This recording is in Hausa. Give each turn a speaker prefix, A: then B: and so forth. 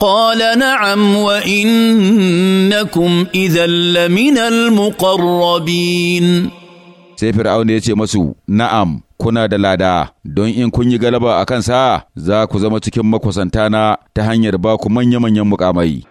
A: قال نعم وإنكم إذا لمن
B: المقربين sai fir'auna ya ce masu na'am kuna da lada don in kun yi galaba a kansa za ku zama cikin na, ta hanyar ba
C: ku manya-manyan mukamai